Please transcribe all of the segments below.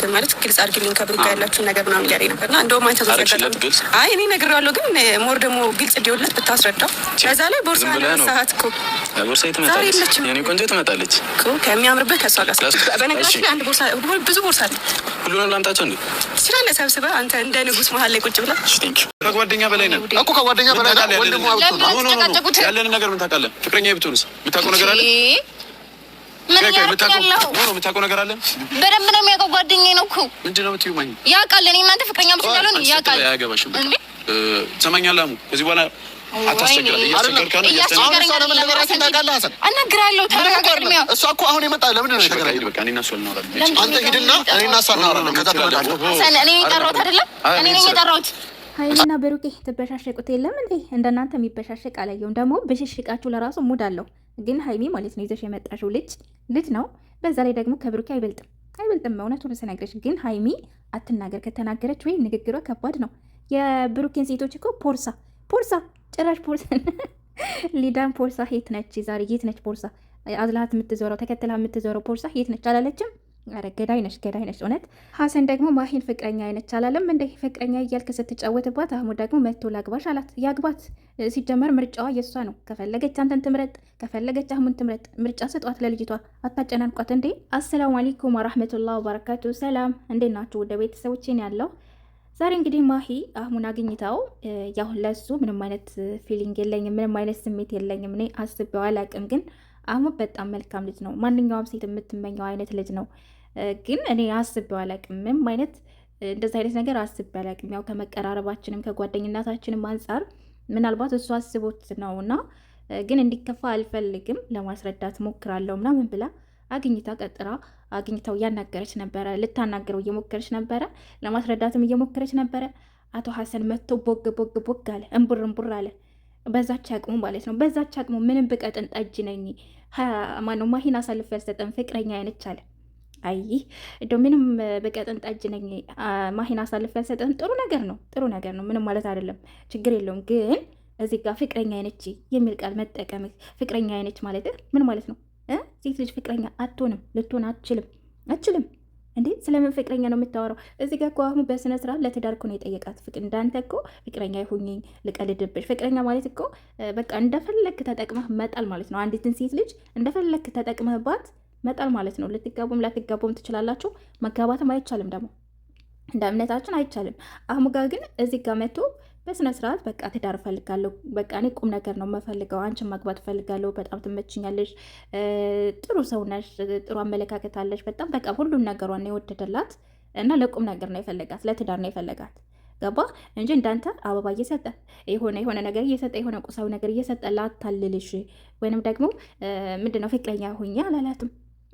አላውቅም ማለት ግልጽ አድርግልኝ ከብሩ ጋር ያላችሁን ነገር ምናምን እያለኝ ነበር እና እንደውም አንተ አይ እኔ ነግሬዋለሁ፣ ግን ሞር ደግሞ ግልጽ እንዲሆንለት ብታስረዳው። ከዛ ላይ ቦርሳ ሰዓት እኮ ቦርሳ ትመጣለች፣ ቆንጆ ትመጣለች ከሚያምርበት ከእሷ ጋር በነገራችን ላይ አንድ ቦርሳ ብዙ ቦርሳ አለ። ሁሉንም ላምጣቸው እንዴ ትችላለህ? ሰብስበህ አንተ እንደ ንጉስ መሀል ላይ ቁጭ ብላ ከጓደኛ በላይ ነው እኮ ከጓደኛ በላይ ነን። ወንድሙ ያለንን ነገር ምን ታውቃለህ? ፍቅረኛ ብትሆንስ የምታውቀው ነገር አለ ምን የምታውቀው ነገር አለ? በደንብ ነው የሚያውቀው። ጓደኛዬ ነው እኮ ምንድን ነው የምትይው? ማኝ ያውቃል። እኔ እናንተ ፍቅረኛ ብቻ ያለው ያውቃል። አያገባሽም። ትሰማኛለህ? አሁን ከዚህ በኋላ አታስቸግራት። እያስቸገርካት ነው። እያስቸገርካት ነው። ሀይልና ብሩኬ ትበሻሸቁት የለም እንዴ? እንደናንተ የሚበሻሸቅ አላየውም። ደግሞ ብሽሽቃችሁ ለራሱ ሙድ አለው። ግን ሀይሚ ማለት ነው ይዘሽ የመጣሽው ልጅ ልጅ ነው። በዛ ላይ ደግሞ ከብሩኬ አይበልጥም አይበልጥም። እውነቱን ስነግረሽ ግን ሀይሚ አትናገር። ከተናገረች ወይም ንግግሯ ከባድ ነው። የብሩኬን ሴቶች እኮ ፖርሳ ፖርሳ ጭራሽ ፖርሳ ሊዳን ፖርሳ የት ነች ዛሬ? የት ነች ፖርሳ አዝላት የምትዞረው ተከትላ የምትዞረው ፖርሳ የት ነች አላለችም? ኧረ ገዳይ ነሽ ገዳይ ነሽ እውነት። ሀሰን ደግሞ ማሂን ፍቅረኛ አይነች አላለም እንደ ፍቅረኛ እያልክ ስትጫወትባት፣ አህሙ ደግሞ መቶ ላግባሽ አላት። ያግባት ሲጀመር ምርጫዋ የእሷ ነው። ከፈለገች አንተን ትምረጥ፣ ከፈለገች አህሙን ትምረጥ። ምርጫ ስጧት ለልጅቷ፣ አታጨናንቋት እንዴ። አሰላሙ አለይኩም ወራህመቱላ ወበረካቱ። ሰላም እንዴት ናችሁ ወደ ቤተሰቦችን ያለው ዛሬ እንግዲህ ማሂ አህሙን አግኝታው ያሁን ለሱ ምንም አይነት ፊሊንግ የለኝም፣ ምንም አይነት ስሜት የለኝም፣ እኔ አስቤው አላቅም ግን አህሙ በጣም መልካም ልጅ ነው። ማንኛውም ሴት የምትመኘው አይነት ልጅ ነው። ግን እኔ አስቤው አላውቅም። አይነት እንደዚህ አይነት ነገር አስቤ አላውቅም። ያው ከመቀራረባችንም ከጓደኝነታችንም አንጻር ምናልባት እሱ አስቦት ነው እና ግን እንዲከፋ አልፈልግም። ለማስረዳት ሞክራለሁ ምናምን ብላ አግኝታ ቀጥራ አግኝታው እያናገረች ነበረ። ልታናገረው እየሞከረች ነበረ። ለማስረዳትም እየሞከረች ነበረ። አቶ ሀሰን መጥቶ ቦግ ቦግ ቦግ አለ፣ እምቡር እምቡር አለ። በዛች አቅሙ ማለት ነው። በዛች አቅሙ ምንም ብቀጥን ጠጅ ነኝ ማነው ማሂን አሳልፎ ያልሰጠን ፍቅረኛ አይነች አለ። አይ እንደው ምንም ብቀጥን ጠጅ ነኝ ማሂን አሳልፎ ያልሰጠን ጥሩ ነገር ነው፣ ጥሩ ነገር ነው። ምንም ማለት አይደለም፣ ችግር የለውም። ግን እዚህ ጋር ፍቅረኛ አይነች የሚል ቃል መጠቀም ፍቅረኛ አይነች ማለት ምን ማለት ነው? ሴት ልጅ ፍቅረኛ አትሆንም፣ ልትሆን አትችልም፣ አትችልም እንዴ ስለምን ፍቅረኛ ነው የምታወራው? እዚህ ጋር እኮ አሁን በስነ ስርዓት ለትዳር እኮ ነው የጠየቃት። ፍቅር እንዳንተ እኮ ፍቅረኛ ይሁኝኝ ልቀልድብሽ። ፍቅረኛ ማለት እኮ በቃ እንደፈለክ ተጠቅመህ መጣል ማለት ነው። አንዲትን ሴት ልጅ እንደፈለክ ተጠቅመህባት መጣል ማለት ነው። ልትጋቡም ላትጋቡም ትችላላችሁ። መጋባትም አይቻልም ደግሞ እንደ እምነታችን አይቻልም። አህሙ ጋር ግን እዚህ ጋር መጥቶ በስነ ስርዓት በቃ ትዳር እፈልጋለሁ፣ በቃ እኔ ቁም ነገር ነው የምፈልገው፣ አንቺን ማግባት እፈልጋለሁ፣ በጣም ትመችኛለሽ፣ ጥሩ ሰው ነሽ፣ ጥሩ አመለካከት አለሽ፣ በጣም በቃ ሁሉም ነገሯን የወደደላት እና ለቁም ነገር ነው የፈለጋት፣ ለትዳር ነው የፈለጋት። ገባ እንጂ እንዳንተ አበባ እየሰጠ የሆነ የሆነ ነገር እየሰጠ የሆነ ቁሳዊ ነገር እየሰጠ ላታልልሽ ወይንም ደግሞ ምንድነው ፍቅረኛ ሆኜ አላላትም።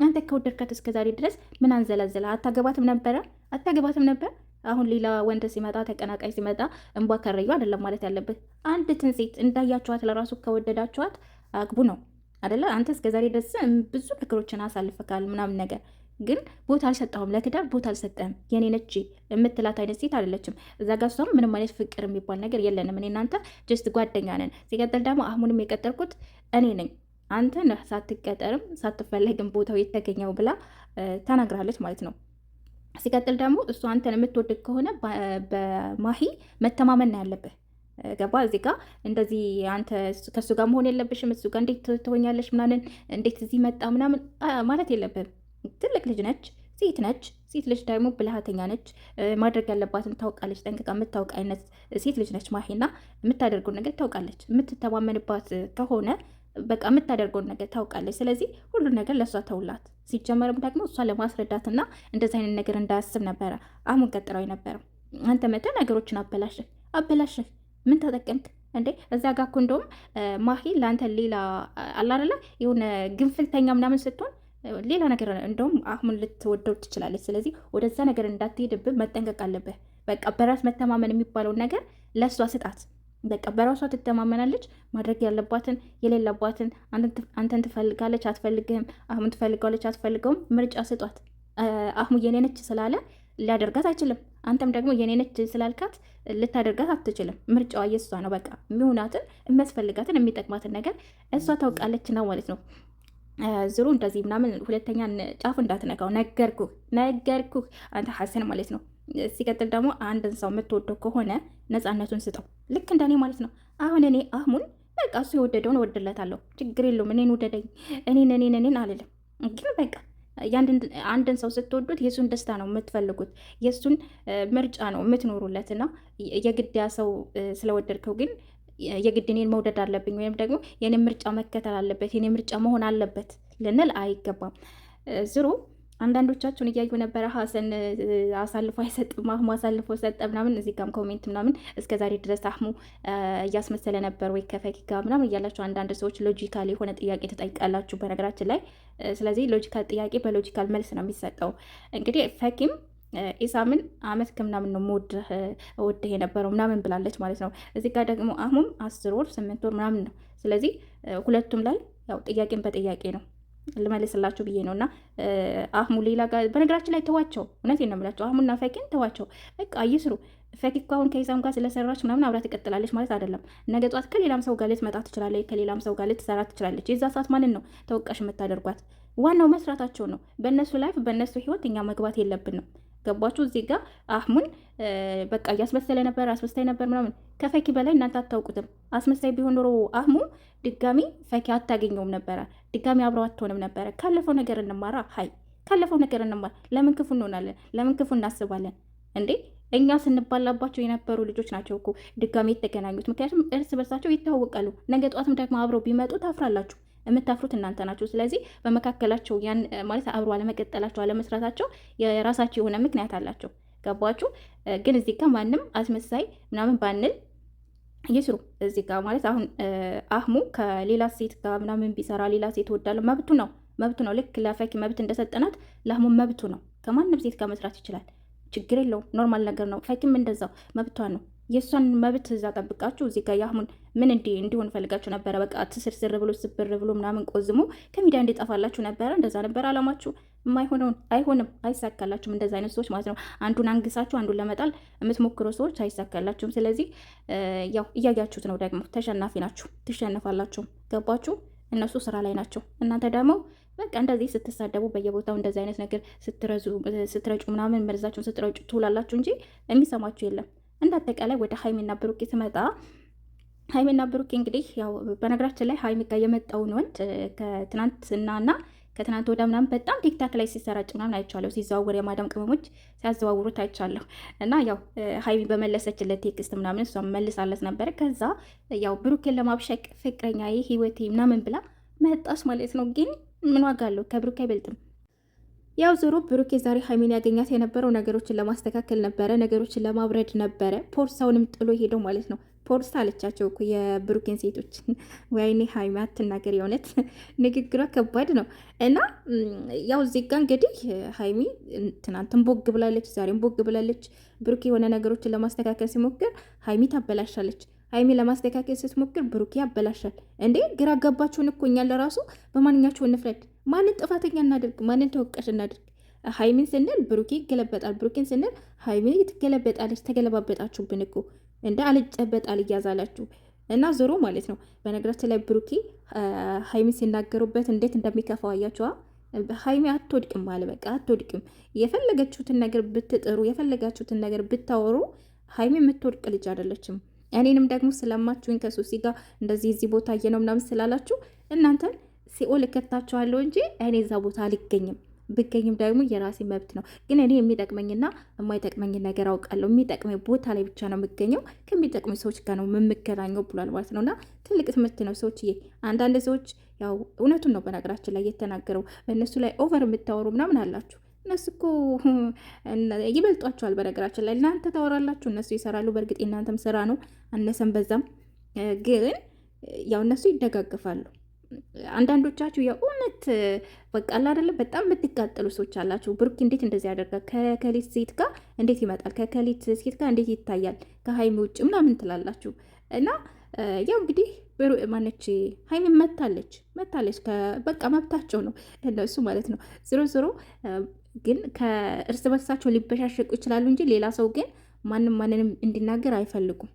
አንተ ከወደድካት እስከዛሬ ድረስ ምን አንዘላዘላ አታገባትም ነበረ አታገባትም ነበር አሁን ሌላ ወንድ ሲመጣ ተቀናቃይ ሲመጣ እንቧ ከረዩ አይደለም ማለት ያለብህ። አንዲትን ሴት እንዳያችኋት ለራሱ ከወደዳችኋት አግቡ ነው አደለ? አንተ እስከዛሬ ድረስ ብዙ ነገሮችን አሳልፈካል ምናምን ነገር ግን ቦታ አልሰጠሁም፣ ለትዳር ቦታ አልሰጠህም፣ የኔ ነች የምትላት አይነት ሴት አይደለችም። እዛ ጋር እሷም ምንም አይነት ፍቅር የሚባል ነገር የለንም። እኔ እናንተ ጀስት ጓደኛ ነን። ሲቀጥል ደግሞ አሁንም የቀጠርኩት እኔ ነኝ፣ አንተ ሳትቀጠርም ሳትፈለግም ቦታው የተገኘው ብላ ተናግራለች ማለት ነው። ሲቀጥል ደግሞ እሱ አንተን የምትወድግ ከሆነ በማሂ መተማመን ነው ያለብህ። ገባ? እዚህ ጋ እንደዚህ አንተ ከእሱ ጋር መሆን የለብሽም። እሱ ጋር እንዴት ትሆኛለሽ? ምናምን እንዴት እዚህ መጣ ምናምን ማለት የለብህም። ትልቅ ልጅ ነች፣ ሴት ነች። ሴት ልጅ ደግሞ ብልሃተኛ ነች። ማድረግ ያለባትን ታውቃለች ጠንቅቃ። የምታውቅ አይነት ሴት ልጅ ነች ማሂና፣ የምታደርገው ነገር ታውቃለች። የምትተማመንባት ከሆነ በቃ የምታደርገውን ነገር ታውቃለች። ስለዚህ ሁሉን ነገር ለእሷ ተውላት። ሲጀመርም ደግሞ እሷ ለማስረዳትና እንደዚህ አይነት ነገር እንዳያስብ ነበረ አሁን ቀጥረው ነበረው። አንተ መተ ነገሮችን አበላሸህ አበላሸህ። ምን ተጠቀምክ እንዴ? እዚያ ጋ እኮ እንደውም ማሂ ለአንተ ሌላ አላደለ የሆነ ግንፍልተኛ ምናምን ስትሆን ሌላ ነገር እንደውም አሁን ልትወደው ትችላለች። ስለዚህ ወደዛ ነገር እንዳትሄድብህ መጠንቀቅ አለብህ። በቃ በራስ መተማመን የሚባለውን ነገር ለእሷ ስጣት። በቃ በራሷ ትተማመናለች። ማድረግ ያለባትን የሌለባትን፣ አንተን ትፈልጋለች አትፈልግህም፣ አህሙን ትፈልጋለች አትፈልገውም፣ ምርጫ ስጧት። አህሙ የኔ ነች ስላለ ሊያደርጋት አይችልም። አንተም ደግሞ የኔ ነች ስላልካት ልታደርጋት አትችልም። ምርጫዋ የእሷ ነው። በቃ የሚሆናትን የሚያስፈልጋትን የሚጠቅማትን ነገር እሷ ታውቃለች ነው ማለት ነው። ዝሩ እንደዚህ ምናምን ሁለተኛ ጫፍ እንዳትነካው ነገርኩህ፣ ነገርኩህ አንተ ሀሰን ማለት ነው። ሲቀጥል ደግሞ አንድን ሰው የምትወደው ከሆነ ነፃነቱን ስጠው። ልክ እንደኔ ማለት ነው። አሁን እኔ አህሙን በቃ እሱ የወደደውን እወድለታለሁ፣ ችግር የለውም። እኔን ወደደኝ፣ እኔን እኔን እኔን አልልም። ግን በቃ አንድን ሰው ስትወዱት የእሱን ደስታ ነው የምትፈልጉት፣ የእሱን ምርጫ ነው የምትኖሩለት እና የግድ ሰው ስለወደድከው ግን የግድ እኔን መውደድ አለብኝ ወይም ደግሞ የኔ ምርጫ መከተል አለበት፣ የኔ ምርጫ መሆን አለበት ልንል አይገባም። ዝሩ አንዳንዶቻችሁን እያዩ ነበረ። ሀሰን አሳልፎ አይሰጥም፣ አህሙ አሳልፎ ሰጠ ምናምን፣ እዚህ ጋም ኮሜንት ምናምን እስከ ዛሬ ድረስ አህሙ እያስመሰለ ነበር ወይ ከፈኪ ጋር ምናምን እያላችሁ አንዳንድ ሰዎች ሎጂካል የሆነ ጥያቄ ትጠይቃላችሁ በነገራችን ላይ። ስለዚህ ሎጂካል ጥያቄ በሎጂካል መልስ ነው የሚሰጠው። እንግዲህ ፈኪም ኢሳምን አመት ከምናምን ነው መወድህ ወድህ የነበረው ምናምን ብላለች ማለት ነው። እዚህ ጋር ደግሞ አህሙም አስር ወር ስምንት ወር ምናምን ነው። ስለዚህ ሁለቱም ላይ ያው ጥያቄን በጥያቄ ነው ልመልስላችሁ ብዬ ነው እና አህሙ ሌላ ጋር በነገራችን ላይ ተዋቸው። እውነት ነው የምላቸው አህሙና ፈኪን ተዋቸው፣ በቃ ይስሩ። ፈኪ እኮ አሁን ከሂሳም ጋር ስለሰራች ምናምን አብራ ትቀጥላለች ማለት አይደለም። ነገ ጠዋት ከሌላም ሰው ጋር ልትመጣ ትችላለች፣ ከሌላም ሰው ጋር ልትሰራ ትችላለች። የዛ ሰዓት ማንን ነው ተወቃሽ የምታደርጓት? ዋናው መስራታቸው ነው። በእነሱ ላይፍ በእነሱ ህይወት እኛ መግባት የለብን ነው ገባችሁ? እዚህ ጋ አህሙን በቃ እያስመሰለ ነበር፣ አስመሳይ ነበር ምናምን። ከፈኪ በላይ እናንተ አታውቁትም። አስመሳይ ቢሆን ኖሮ አህሙ ድጋሚ ፈኪ አታገኘውም ነበረ፣ ድጋሚ አብረው አትሆንም ነበረ። ካለፈው ነገር እንማራ ሀይ፣ ካለፈው ነገር እንማራ። ለምን ክፉ እንሆናለን? ለምን ክፉ እናስባለን እንዴ? እኛ ስንባላባቸው የነበሩ ልጆች ናቸው እኮ ድጋሚ የተገናኙት። ምክንያቱም እርስ በርሳቸው ይታወቃሉ። ነገ ጠዋትም ደግሞ አብረው ቢመጡ ታፍራላችሁ። የምታፍሩት እናንተ ናችሁ። ስለዚህ በመካከላቸው ያን ማለት አብሮ አለመቀጠላቸው፣ አለመስራታቸው የራሳቸው የሆነ ምክንያት አላቸው። ገባችሁ? ግን እዚህ ጋር ማንም አስመሳይ ምናምን ባንል ይስሩ እዚህ ጋር ማለት አሁን አህሙ ከሌላ ሴት ጋር ምናምን ቢሰራ ሌላ ሴት ወዳለ መብቱ ነው መብቱ ነው። ልክ ለፈኪ መብት እንደሰጠናት ለአህሙ መብቱ ነው። ከማንም ሴት ጋር መስራት ይችላል። ችግር የለውም። ኖርማል ነገር ነው። ፈኪም እንደዛው መብቷ ነው። የእሷን መብት እዛ ጠብቃችሁ እዚህ ጋር የአህሙን ምን እንዲ እንዲሆን ፈልጋችሁ ነበረ? በቃ ትስርስር ብሎ ስብር ብሎ ምናምን ቆዝሞ ከሚዲያ እንዲጠፋላችሁ ነበረ። እንደዛ ነበረ አላማችሁ። የማይሆነውን አይሆንም፣ አይሳካላችሁም። እንደዚ አይነት ሰዎች ማለት ነው አንዱን አንግሳችሁ አንዱን ለመጣል የምትሞክሩ ሰዎች አይሳካላችሁም። ስለዚህ ያው እያያችሁት ነው። ደግሞ ተሸናፊ ናችሁ፣ ትሸነፋላችሁ። ገባችሁ? እነሱ ስራ ላይ ናቸው። እናንተ ደግሞ በቃ እንደዚህ ስትሳደቡ በየቦታው እንደዚህ አይነት ነገር ስትረጩ ምናምን መርዛችሁን ስትረጩ ትውላላችሁ እንጂ የሚሰማችሁ የለም። እንዳጠቃላይ ወደ ሀይሚና ብሩኬ ስመጣ ሀይሚና ብሩኬ እንግዲህ ያው በነገራችን ላይ ሀይሚ ጋር የመጣውን ወንድ ከትናንትናና ከትናንት ወደ ምናምን በጣም ቲክታክ ላይ ሲሰራጭ ምናምን አይቻለሁ። ሲዘዋወር የማዳም ቅመሞች ሲያዘዋውሩት አይቻለሁ። እና ያው ሀይሚ በመለሰችለት ቴክስት ምናምን እሷ መልሳለት ነበረ። ከዛ ያው ብሩኬን ለማብሸቅ ፍቅረኛ ህይወቴ ምናምን ብላ መጣች ማለት ነው። ግን ምን ዋጋ አለው? ከብሩኬ አይበልጥም። ያው ዞሮ ብሩክ የዛሬ ሀይሜን ያገኛት የነበረው ነገሮችን ለማስተካከል ነበረ፣ ነገሮችን ለማብረድ ነበረ። ፖርሳውንም ጥሎ ሄደው ማለት ነው። ፖርሳ አለቻቸው እኮ የብሩኬን ሴቶች። ወይኔ ሀይሜ አትናገር፣ የእውነት ንግግሯ ከባድ ነው። እና ያው ዜጋ ጋ እንግዲህ ሀይሜ ትናንትም ቦግ ብላለች፣ ዛሬም ቦግ ብላለች። ብሩክ የሆነ ነገሮችን ለማስተካከል ሲሞክር ሀይሜ ታበላሻለች። ሀይሚ ለማስተካከል ስትሞክር ብሩኬ ያበላሻል እንዴ! ግራ ገባችሁን እኮ እኛን ለራሱ በማንኛቸው እንፍረድ? ማንን ጥፋተኛ እናድርግ? ማንን ተወቃሽ እናድርግ? ሀይሚን ስንል ብሩኬ ይገለበጣል፣ ብሩኬን ስንል ሀይሚ ትገለበጣለች። ተገለባበጣችሁብን እኮ እንደ አልጨበጣል እያዛላችሁ እና ዞሮ ማለት ነው። በነገራችን ላይ ብሩኬ ሀይሚን ሲናገሩበት እንዴት እንደሚከፋው አያችኋ። ሀይሚ አትወድቅም አለ በቃ አትወድቅም። የፈለገችሁትን ነገር ብትጥሩ፣ የፈለጋችሁትን ነገር ብታወሩ ሀይሚ የምትወድቅ ልጅ አይደለችም። እኔንም ደግሞ ስለማችሁኝ ከሱሲ ጋር እንደዚህ እዚህ ቦታ እየነው ምናምን ስላላችሁ እናንተን ሲኦል እከታችኋለሁ እንጂ እኔ እዛ ቦታ አልገኝም። ብገኝም ደግሞ የራሴ መብት ነው። ግን እኔ የሚጠቅመኝና የማይጠቅመኝ ነገር አውቃለሁ። የሚጠቅመኝ ቦታ ላይ ብቻ ነው የምገኘው፣ ከሚጠቅሙ ሰዎች ጋር ነው የምገናኘው ብሏል ማለት ነው። እና ትልቅ ትምህርት ነው ሰዎችዬ። አንዳንድ ሰዎች ያው እውነቱን ነው በነገራችን ላይ የተናገረው። በእነሱ ላይ ኦቨር የምታወሩ ምናምን አላችሁ እነሱ እኮ ይበልጧቸዋል። በነገራችን ላይ እናንተ ታወራላችሁ፣ እነሱ ይሰራሉ። በእርግጥ የእናንተም ስራ ነው አነሰም በዛም፣ ግን ያው እነሱ ይደጋግፋሉ። አንዳንዶቻችሁ የእውነት በቃ አይደለም በጣም የምትቃጠሉ ሰዎች አላችሁ። ብሩክ እንዴት እንደዚህ ያደርጋል? ከከሊት ሴት ጋር እንዴት ይመጣል? ከከሊት ሴት ጋር እንዴት ይታያል? ከሀይሚ ውጭ ምናምን ትላላችሁ። እና ያው እንግዲህ ማነች ሀይሚ መታለች መታለች። በቃ መብታቸው ነው እነሱ ማለት ነው። ዝሮ ዝሮ ግን ከእርስ በርሳቸው ሊበሻሸቁ ይችላሉ እንጂ ሌላ ሰው ግን ማንም ማንንም እንዲናገር አይፈልጉም።